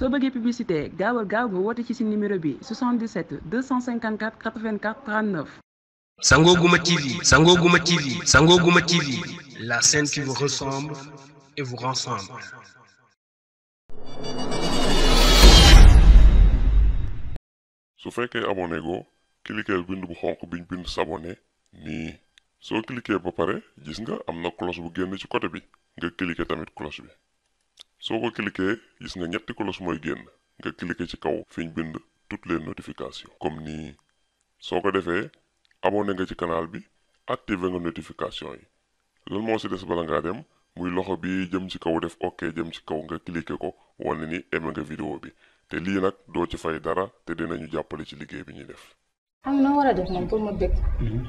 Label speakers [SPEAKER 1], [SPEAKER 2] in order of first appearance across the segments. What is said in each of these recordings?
[SPEAKER 1] So bëggee publicité gaawal gaaw nga woote ci si numéro bi 77 254 84 39. Sango Gouma TV, Sango Gouma TV, Sango Gouma TV, la scène qui vous ressemble et vous rassemble. su fekkee abonné go cliqueel bind bu xonq biñ bind s'abonner ni. So cliquer ba paré, gis nga amna cloche bu génn ci côté bi nga cliquer tamit cloche bi. soo ko cliquer gis nga ñetti kolos mooy génn nga cliquer ci kaw fi ñu bind toutes les notifications comme nii soo ko defee abonné nga ci canal bi activé nga notification yi lan moo si des bala ngaa dem muy loxo bi jëm ci kaw def ok jëm ci kaw nga cliquer ko wane ni aimé nga vidéo bi te lii nag doo ci fay dara te dinañu jàppale ci liggéey bi ñuy def. am na war a def moom pour ma bëgg. Mhm.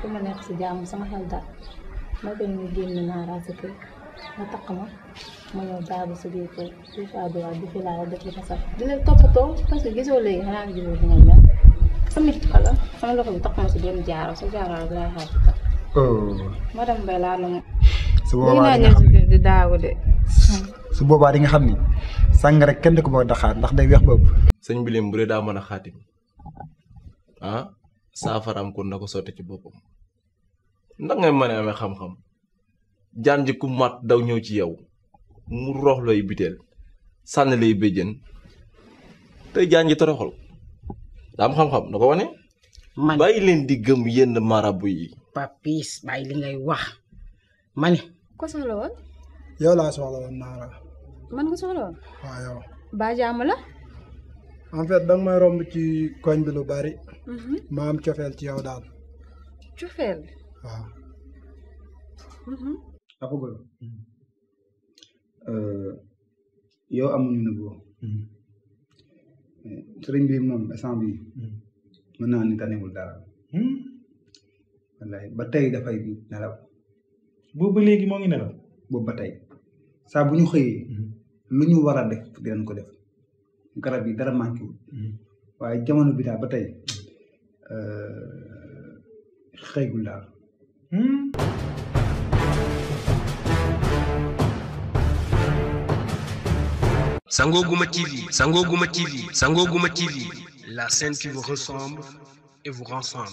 [SPEAKER 1] pour ma nekk si jàmm sama xel daal ma bëgg ñu génn naa raas moƴƴo sobi ko des fois do waɗi filare defi ko sax di leen toppatoo parce que gisoo léegi xanaa gisoo di nga mel sa nit ko la sama loxo bi topp ma dem jaaro sa jaaro la xaar ci tax madame Mbaye laa nam su boobaa di nga de su di nga rek kenn ko ndax day bu ah saafaraam kon na ko ci boppam ndax ngay mën a xam-xam ku mat daw ñëw ci yow mu rox lay biteel sànni lay béjjën tey jaan ji toroxal daam xam-xam da ko wane. man bàyyi di gëm yenn marabu yi. papis bàyyi li ngay wax ma ko soxla woon. yow laa soxla woon Naara. man nga soxla woon. ba jàmm la. en fait danga may romb ci koñ bi bari. Mhm. ma cofeel ci yow daal. cofeel. waaw. Mhm. Euh, yow amuñu nëbboo hmm. sëriñ bi moom instant bi hmm. mën naa ni tanewul dara hmm. wallahi ba tey dafay nelaw boobu ba léegi moo ngi nelaw boobu ba tey saa bu ñu xëyee lu ñu war a def ko def garab yi dara manqué waaye jamono bi daal ba tey euh, xëygul daal Sangoguma TV, Sangoguma TV, Sangoguma TV, la scène qui vous ressemble et vous rassemble.